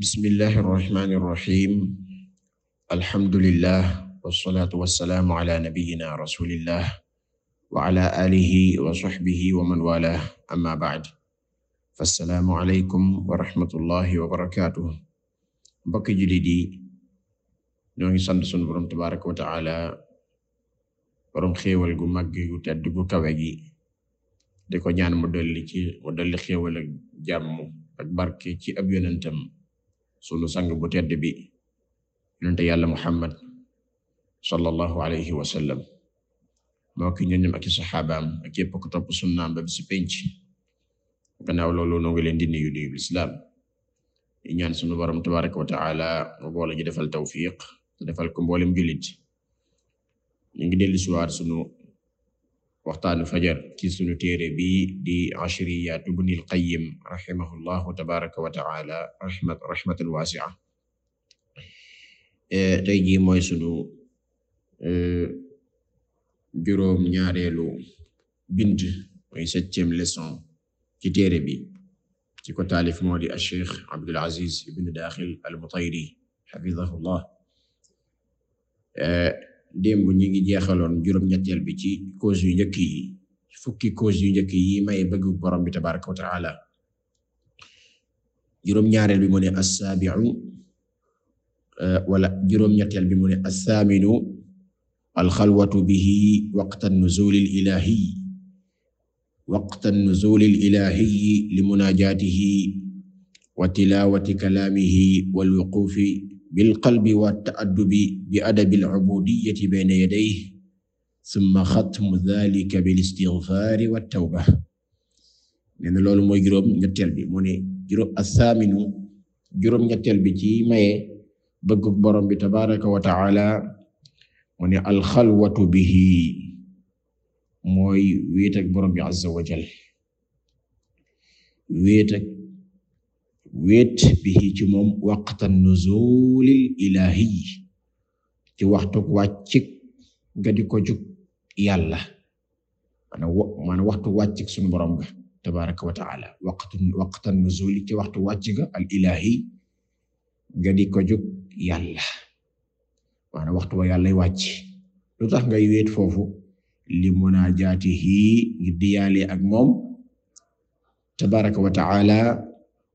bismillahi irrahmani irrahim alhamdulillah wasalaatu wasalaamu ala nabiyina walah amma ba'd fassalaamu alaykum wa rahmatullahi wa barakatuh mbokk jullit yi ñoo ngi sant sunu borom tabaraka gu màgg gu tedd gu kawe gi di ko dolli ci dolli xéewal ak ak barke ci ab yonentam sunu sang bu tedd bi yonente yàlla muhammad sallallahu alayhi wa sallam moo ki ñoñam ak i saxaabaam ak yépp ko topp sunnaam ba bisi penc gannaaw loolu noo ngi leen di nuyu nuyu lislaam i ñaan sunu borom tabaraka wa taala mu a ñu defal tawfiq defal ko mboolem jullit ñu ngi dellu siwaat sunu waxtaanu fajar ci sunu téere bi di ashriyaat ibn al-Qayyim rahimahullahu tabaraka e, tey ji mooy sunu e, juróom ñaareelu bind mooy septième leçon ci bi ci ko taalif moo di ash-Shaykh Abdul Aziz ibn démb ñi ngi jeexaloon juróom-ñetteel bi ci cause yu njëkk fukki cause yu njëkk yi may bëgg borom bi tabaraka wa taala juróom-ñaareel bi mu ne assaabiu euh, wala juróom-ñetteel bi mu ne assaaminu alxalwatu bihi waqta nuzul ilahi waqta nuzul ilahi li munaajaatihi wa tilawati kalaamihi wal wuquufi bilqalbi wa taaddubi bi adabil ubudiyyati bayna yadayhi summa xatmu dhalika bil istighfari wa tawba nee na loolu mooy juróom ñetteel bi mu ne juróom juróom ñetteel bi ci maye bëggug borom bi tabaraka wa taala mu ne alxalwatu bihi mooy wéet ak borom bi wa jal wéet bihi ci moom waqtan nuzulil ilahi ci waxtu wàccik ga di ko jug yàlla maanaam waxtu wàccik sunu borom ga tabaraka wa taala waqtu waqtan nuzuli ci waxtu wàcc ga al ilahi ga di ko jug yàlla maanaam waxtu wa yàllay wàcc lu tax ngay wéet foofu li munaajaatihi ngir diyaale ak moom tabaraka wa taala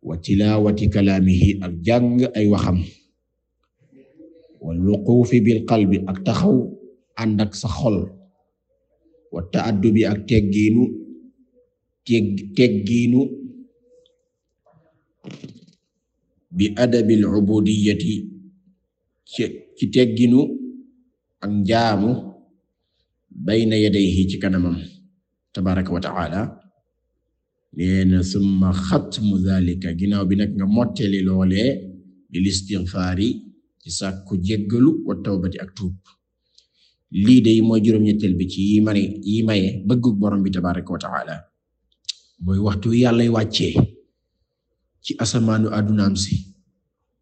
wa tilawati kalaamihi ak jàng ay waxam wal wuquufi bil qalbi ak taxaw ànd ak sa xol wa taaddubi ak teggiinu teggiinu bi adabil ubudiyati ci tegginu ak njaamu bayna yadayhi ci kanamam tabaraka wa taala nee na summa xatmu zalika ginnaaw bi nag nga motteli loolee bil istighfaari ci sàkku jéggalu wa tawbati ak tuub lii de mooy juróom-ñetteel bi ci yi mane yi maye borom bi tabaraka wa taala mooy waxtu wi yàlla wàccee ci asamaanu àddunaam si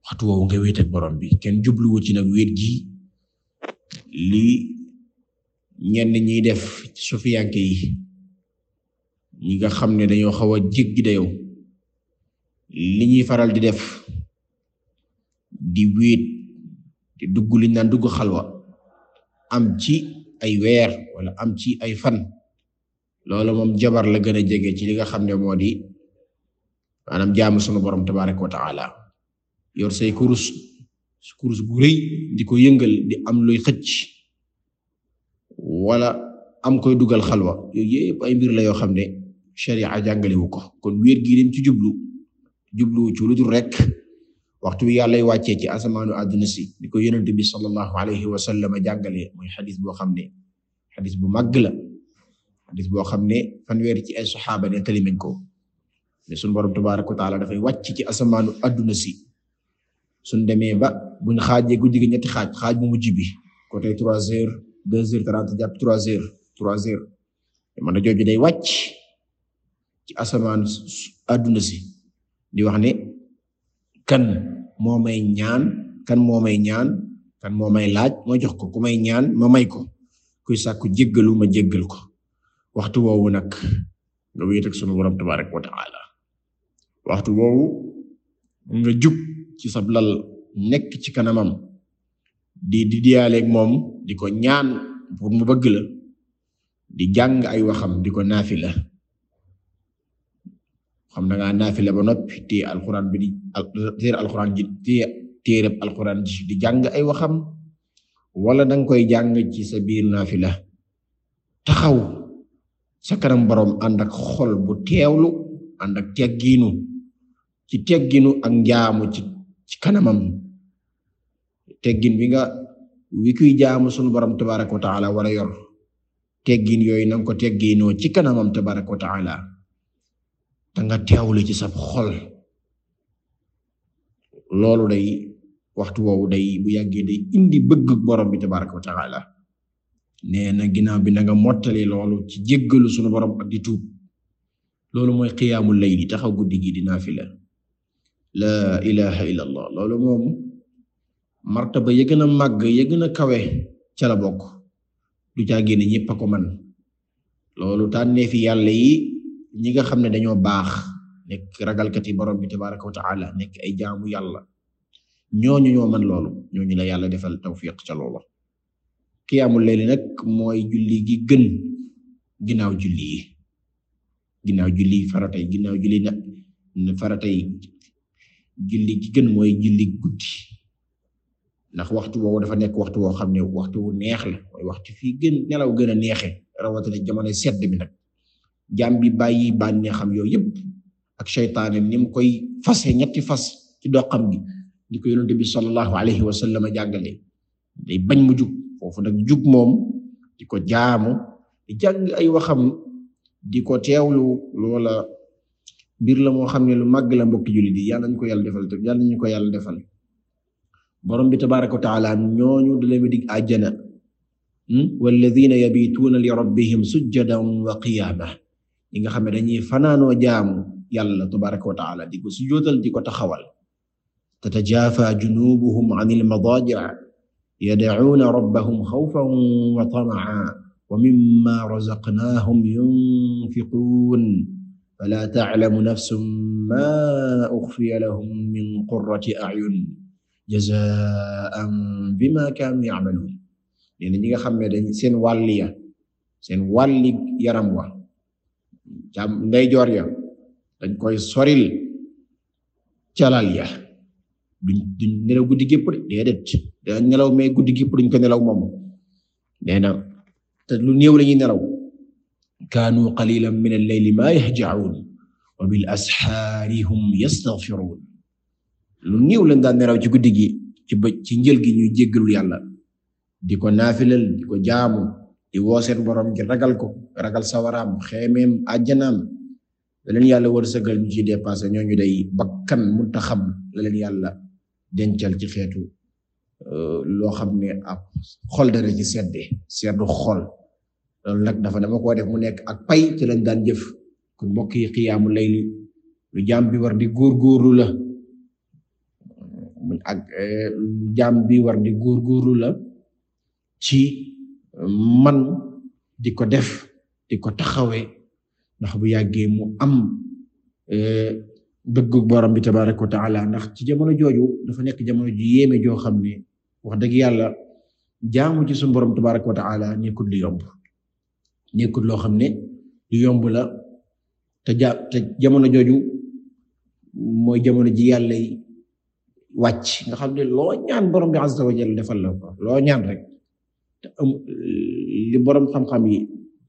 waxtu woowu nga borom bi kenn jubluwu ci nag wéet gi lii ñenn ñiy def sufiyanke yi yi nga xam ne dañoo xaw a jéggi dayoo li ñuy faral di def di wéet di dugg liñ naan dugg xalwa am ci ay weer wala am ci ay fan loolu moom jabar la gën a jege ci li nga xam ne moo di maanaam jaamu sunu borom tabaraka wa taala yor say kurus kurus gu rëy di ko yëngal di am luy xëcc wala am koy dugal xalwa yooyu yëpp ay mbir la yoo xam ne sharia jàngalewu ko kon wér gi dem ci jublu jublu ci lu rek waxtu yàllay wàccee ci asamaanu àdduna si di ko yonent bi sallallahu alayhi wa sallam jàngale mooy xadis boo xam ne xadis bu màgg la xadis boo xam ne fanweer ci ay tali nañ ko mais sunu borom tabaaraka wa taala dafay wàcc ci asamaanu àdduna si suñ demee ba buñ xaajee guddi gi ñetti xaaj xaaj bu mujj bi côté trois heures deux heures trente jàpp trois heures trois heures mën a jooju day wàcc. ci asamaan àdduna si di wax ne kan moo may ñaan kan moo may ñaan kan moo may laaj ma jox ko ku may ñaan ma may ko kuy sàkku jéggalu ma jéggal ko waxtu woowu nag nga wéet ak sunu borom tabarak wa taala waxtu woowu nga jug ci sab lal nekk ci kanamam di di diyaaleeg moom di ko ñaan pour mu bëgg la di jàng ay waxam di ko naafila xam na nga naafila ba noppi téye alxuraan bi di téere alxuraan ji téye jàng ay waxam wala danga koy jàng ci sa biir naafila taxaw sa kanam boroom ànd ak xol bu teewlu ànd ak teggiinu ci tegginu ak njaamu ci kanamam teggin bi nga wi kuy jaamu sunu borom tabaraka wa taala wara yor teggin yooyu nanga ko tegginoo ci kanamam tabaraka wa taala te nga teewlu ci sab xol loolu day waxtu woowu day bu yàggee day indi bëgg borom bi tabaraka wa taala nee na ginnaaw bi na nga mottali loolu ci jéggalu sunu borom ak di tuub loolu mooy xiyaamu layli taxaw guddi gi di naafila la ilaha illa allah loolu moom martaba gën a màgg ya gën a kawe ca la bokk du caa génne ñëpp a ko man loolu tànnee fi yàlla yi ñi nga xam ne dañoo baax nekk ragalkati borom bi tabaraka wa taala nekk ay jaamu yàlla ñooñu ñoo man loolu ñooñu na yàlla defal tawfiq ca loola qiyaamul layli nag mooy julli gi gën ginnaaw julli yi ginnaaw julli faratay ginnaaw julli na faratay julli gi gën mooy julli guddi ndax waxtu boobu dafa nekk waxtu woo xam ne waxtu wu neex la mooy waxtu fii gën nelaw gën a neexe rawatina jamono sedd bi nag jaam bi bàyyi bànneexam yooyu yëpp ak seytaane ni mu koy fase ñetti fas ci doxam gi ni ko yonente bi sallallahu alayhi wa sallam jàngale day bañ mu jug foofu nag jug moom di ko jaamu di jàng ay waxam di ko teewlu loola mbir la moo xam ne lu màgg la mbokki juli yi yàlla nañu ko yàlla defal te yàlla ko yàlla defal borom bi tabaraka wa taala ñooñu da leen dig àjjana hmm, walladina yabituuna li rabbihim sujjadan wa qiyaama ñi nga xam ne dañuy fanaanoo jaamu yàlla tabaraka wa taala di ko sujjóotal di ko taxawal tatajaafa junubuhum an almadaajic yadcuuna rabbahum xawfan wa tamacan wa mimma razaqnaahum yunfiquun falaa taclamu nafsun maa uxfiya lahum min qurrati acyun jazaan bima kaanu yacmaluun ñi nga xam ne dañ seen wàll ya seen wàlli yaram wa cam ndeyjoor ya dañ koy soril calal ya duñ nelaw guddi gépp de déedéet dañ nelaw mais guddi gépp ko nelaw moom nee na te lu néew lañuy nelaw kaanu qalilan min al-layli ma yahja'un wa bil ashaari hum yastaghfirun lu néew lañ daan nelaw ci guddi gi ci ba ci njël gi ñuy jéggalul yàlla di ko naafilal jaamu i woo seen borom ngir ragal ko ragal sawaraam xeemeem àjjanaam la leen yàlla wërsëgal ñu ci dépassé ñooñu day bakkan mun ta xam la leen yàlla dencal ci xeetu euh, loo xam ne ab xol dara ci sedde seddu xol loolu nag dafa dama koo def mu nekk ak pay ci lañ daan jëf kon mbokk yi xiyaamu layli lu jaam bi war di góorgóorlu la ak euh, lu jaam bi war di góorgóorlu la ci man di ko def di ko taxawee ndax bu yàggee mu am eh, bëggu borom bi tabaraka wa taala ndax ci jamono jooju dafa nekk jamono ju yéeme joo xam ne wax dëgg yàlla jaamu ci suñu borom tabaraka wa taala nekkul lu yomb nekkul loo xam ne yomb la te ja jamono jooju mooy jamono ji yàlla yi wàcc nga xam ne loo ñaan borom bi azza wa jalla defal la loo ñaan rek Eh, li borom xam-xam yi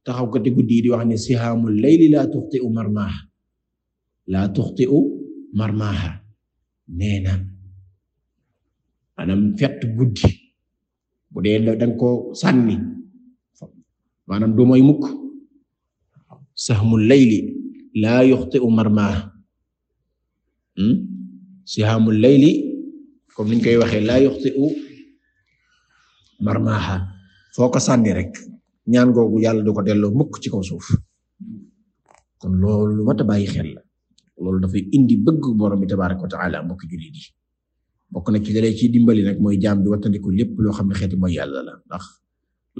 taxaw ko te guddi di wax ne sihaamul layli laa tuxti'u marmaaha laa tuxti'u marmaaha nee na maanaam fett guddi bu dee da nga koo sànni maanaam du mooy mukk sahmul layli laa yuxti'u marmaaha hmm? sihaamul layli comme niñ koy waxee laa yuxti'u marmaaha soo ko sànni rek ñaan googu yàlla du ko delloo mukk ci kaw suuf kon loolu lu mat a bàyyi xel la loolu dafay indi bëgg borom bi tabaaraka wa taala mbokk jullit bokk na ci dalee ci dimbali nag mooy jaam bi wattandiku lépp loo xam ne xeeti mooy yàlla la ndax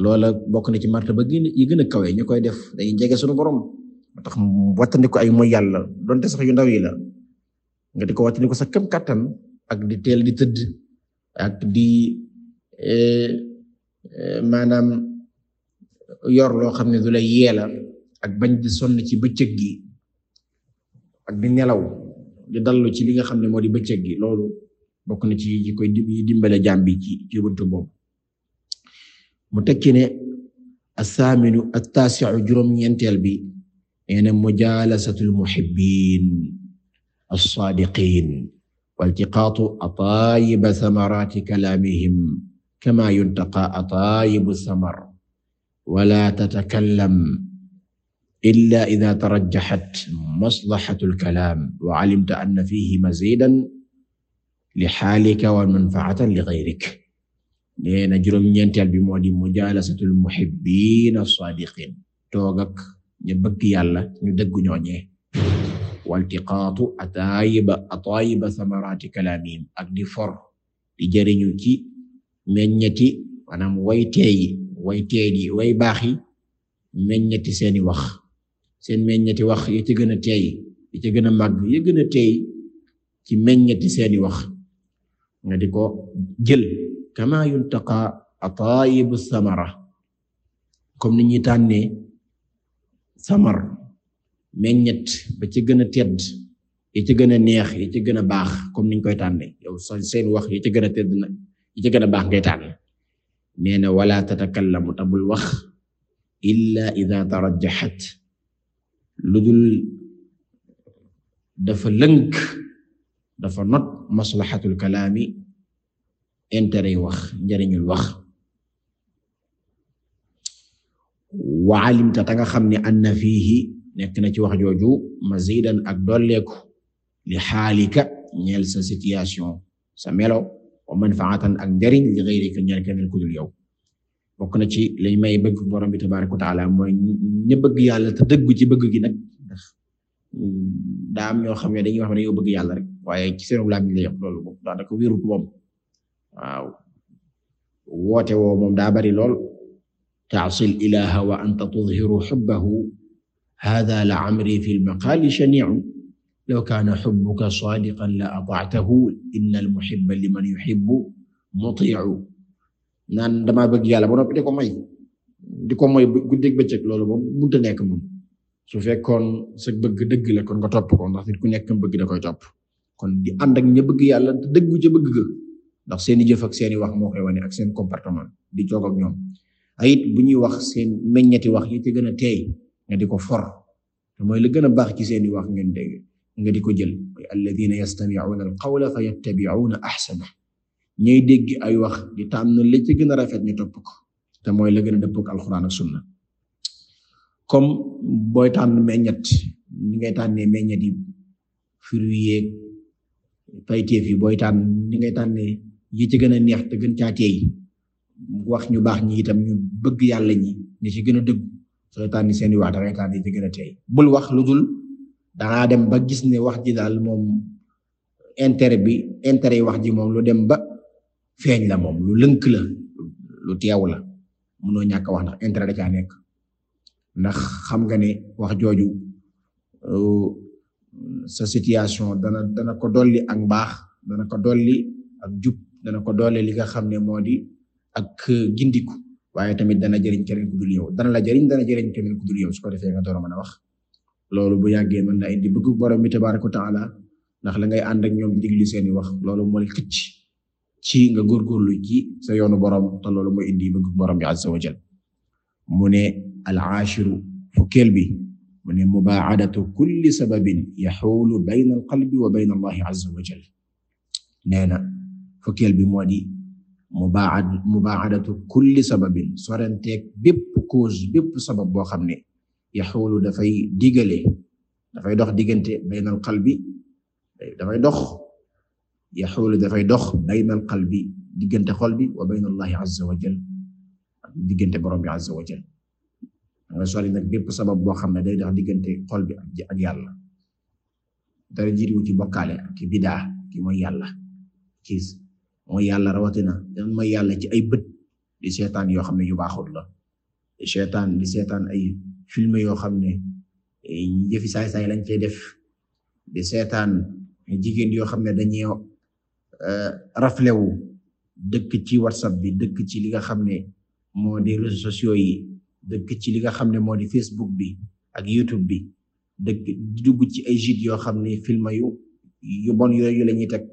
loola bokk na ci martaba gën yi gën a kawe ñu koy def dañuy jege suñu borom moo tax wattandiku ay mooy yàlla donte sax yu ndaw yi la nga di ko wattandiku sa këm kàttan ak di teel di tëdd ak di eh, Eh, maanaam yor loo xam ne du la yeela ak bañ di sonn ci bëccëg gi ak di nelaw di dallu ci li nga xam ne moo di bëccëg gi loolu bokk na ci yi koy dimbale jaam bi ci ci buntu boobu mu tekki ne asaaminu attaasiu juróom-ñeenteel bi nee na mujaalasatul muhibbiin as-saadiqiin wa iltiqaatu ataayiba kalaamihim kama yuntaqa atayibu samar wala tatakallam illa idha tarajjahat maslahatul kalam wa alimta anna fihi mazidan li halika wa manfa'atan li ghayrik nee na juróom-ñeenteel bi moo di mujalasatul muhibbin as-sadiqin toog ak ñu bëgg yàlla ñu dëggu ñooñee waltiqaatu atayiba atayiba samarati kalamihim ak di for di jëriñu ci meññeti maanaam way teey way teey yi way baax yi meññeti seeni wax seen meññeti wax yi ci gën a teey yi ci gën a màgg yi gën a teey ci meññeti seeni wax nga di ko jël kama yuntaqa ataayibu samara comme ni ñuy tànnee samar meññet ba ci gën a tedd yi ci gën a neex yi ci gën a baax comme niñ koy tànnee yow seen wax yi ci gën a tedd nag yi ci gën a baax ngay tànn nee na wala wax illa ida tarajjaxat lu dafa lënk dafa not maslaxatul kalaami intérêt wax njariñul wax wa alimta nga xam ne anna fiihi nekk na ci wax jooju mazidan ak dolleeku li xaalika ñeel sa situation sa melo wa manfaatan ak njariñ li ghayrika ñeel keneen ku dul yow bokk na ci lay may bëgg borom bi tabaaraka wa taala mooy ña bëgg yàlla te dëgg ci bëgg gi nag daam mm, daa ñoo xam ne dañuy wax bëgg yàlla rek waaye ci seen laaj bi lay wax loolu woote woo moom daa bari lool ta'sil ilaha wa anta tudhiru hubbahu hadha la amri fi al maqali law kaana xubbuka saadiqan la ataatahu inna almuhibba liman yuhibbu muti'u naan damaa bëgg yàlla ba noppi di ko may di ko may guddeeg bëccëg loolu moom mënut a nekk moom su fekkoon sa bëgg dëgg la kon nga topp ko ndax nit ku nekk bëgg da koy topp kon di ànd ak nga bëgg yàlla te dëggu ca bëgg ga ndax seeni jëf ak seeni wax moo koy wane ak seen comportement di toog ak ñoom ayit bu ñuy wax seen meññati wax yi te gën a teey nga di ko for mooy li gën a baax ci seeni wax ngeen dégg nga di ko jël mooy alladina yastamicuuna alqawla fa yattabicuuna axsana ñay dégg ay wax di tànn li ci gën a rafet ñu topp te mooy la gën a dëppook alxuraan ak sunna comme booy tànn meññet ni ngay tànnee meññet yi fruit yeeg yi booy tànn ni ngay tànnee yi ci gën a neex te gën caa teey wax ñu baax ñi itam ñu bëgg yàlla ñi ñu ci gën a dëggu soo tànni seeni wax dangay yi ci gën a teey bul wax lu dul dangaa dem ba gis ne wax ji daal moom intérêt bi intérêt yi wax ji moom lu dem ba feeñ la moom lu lënk la lu teew la mënoo ñàkk wax ndax intérêt da caa nekk ndax xam nga ne wax jooju euh, sa situation dana dana ko dolli ak mbaax dana ko dolli ak jub dana ko dolli li nga xam ne moo di ak gindiku waaye tamit dana jëriñ keneen ku dul yow dana la jëriñ dana jëriñ keneen ku dul yow su ko defee nga door a mën a wax loolu bu yàggee mën naa indi bëggu borom bi tabaaraka wa taala ndax la ngay ànd ak ñoom di diglu seeni wax loolu moo lay xëcc ci nga góorgóorlu ci sa yoonu borom te loolu mooy indi bëggu borom bi azza wa jal mu ne al aashiru fukkeel bi mu ne mubaadatu kulli sababin yaxuulu bayna al qalbi wa bayna allahi azza wa jal nee na fukkeel bi moo di mubaadatu kulli sababin sorenteeg bépp cause bépp sabab boo xam ne yaxuulu dafay digale dafay dox diggante baynal qalbi dafay dox yaxuulu dafay dox baynal qalbi diggante xol bi wa bayna allahi azza diggante borom bi azza wa jal nag bépp sabab boo xam ne day dox diggante xol ak yàlla dara jiitu ci bokkaale ki bidaa ki mooy yàlla ki mooy yàlla rawatina dan mooy yàlla ci ay bët di seetaan yoo xam ne yu baaxul la di seetaan di seetaan ay film yoo xam ne jëfi eh, saay-saay lañ cee def di seetaan eh, jigéen yoo xam ne dañuy eh, raflewu dëkk ci whatsapp bi dëkk ci li nga xam ne moo di réseaux yi dëkk ci li nga xam ne moo di facebook bi ak youtube bi dëkk dugg ci ay gîte yoo xam ne film yu yu bon yooyu la teg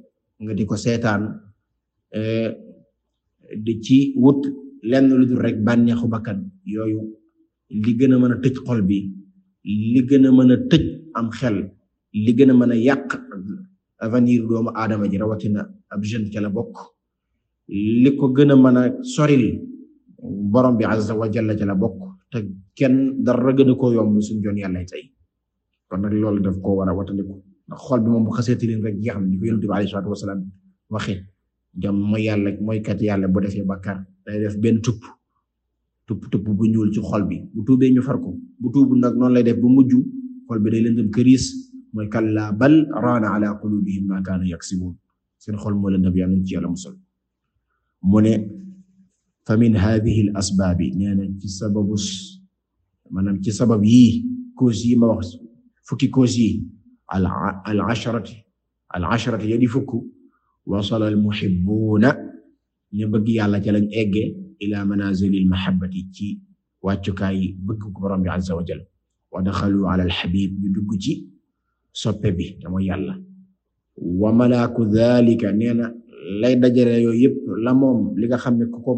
nga di ko seetaan di ci wut lenn lu dul rek bànneexu bakkan yooyu li gën a mën a tëj xol bi li gën a mën a tëj am xel li gën a mën a yàq avenir doomu aadama ji rawatina ab jeune ca la bokk li ko gën a mën a soril borom bi azza wa jalla ca la bokk te kenn dara gën a koo yomb suñ joon yàlla tey kon nag loolu daf koo war a wataliku ndax xol bi moom bu xasee tilim rek jeex na di ko yonent bi alayhi salaatu wasalaam waxe jam mooy yàlla mooy yàlla bu defee bàkkaar benn tupp tëpp tëpp bu ñuul ci xol bi bu tuubee ñu far ko bu tuubu nag noonu lay def bu mujj xol bi day lëndëm këriis mooy kallaa bal raana ala qulubihim ma kaanu yaksibuun seen xol moo lëndëm yàlla ci yàlla musal mu ne fa min haadihi al asbaabi nee na ci sababu maanaam ci sabab yii cause yi ma fukki cause yi al asharati al asharati ya di fukk wasala al muhibbuuna ñu bëgg yàlla ca lañ egge ila manazili lmahabati ci wàccukaay bëgg ko borom bi azza daxalu ala alxabib ñu dugg ci soppe bi te mooy yàlla wa malaaku dalika nee na lay dajale yooy yëpp la moom li nga xam ne ku ko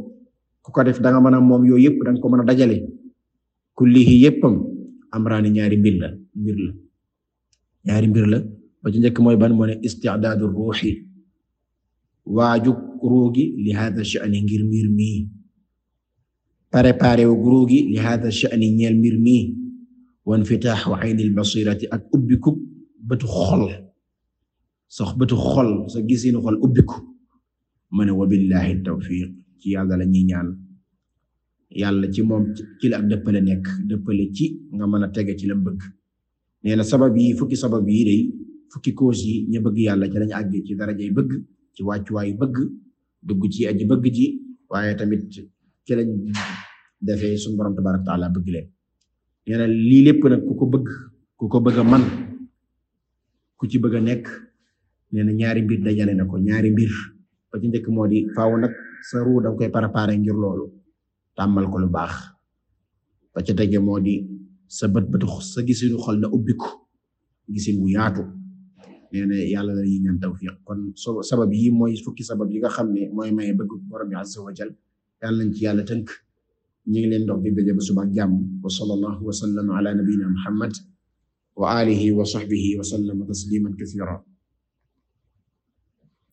ku ko def da mën a moom yooyu yëpp da ko mën a dajale kullihi yëppam amraani ñaari mbir la mbir la ñaari mbir la ba ci njëkk mooy ban moo ne ruuxi waajug ruugi li hada sha'ni ngir mbir préparé wu guru gi li hada sha'ni ñeel mbir mi wa infitaahu aynil basirati ak ubbiku bëtu xol sax bëtu xol sa gisinu xol ubbiku mu ne wa billahi tawfiq ci yàlla la ñuy ñaan yàlla ci moom ci la ak dëppale nekk dëppale ci nga mën a tege ci la bëgg nee na sabab yi fukki sabab yi day fukki cause yi ñu bëgg yàlla ci lañu àgg ci darajay bëgg ci wàccuwaayu bëgg dugg ci aji bëgg ci waaye tamit ci lañ defee suñu borom tabaaraka wa taala bëgg leen nee na lii lépp nag ku ko bëgg ku ko bëgg a man ku ci bëgg a nekk nee na ñaari mbir dajale na ko ñaari mbir ba ci njëkk moo di faaw nag sa ruu da nga pare ngir loolu tàmmal ko lu baax ba ca tege moo di sa bët bët sa gisinu xol na ubbiku gisin wu yaatu nee na yàlla la yi ñaan tawfiq kon sabab yi mooy fukki sabab yi nga xam ne mooy maye bëgg borom bi azza wa jal yàlla nañ ci yàlla tënk ñu ngi leen dox di daje ba suba ak jàmm wa sallallahu wa sallam ala nabiyina muhammad wa alihi wa sahbihi wa sallama tasliman kathira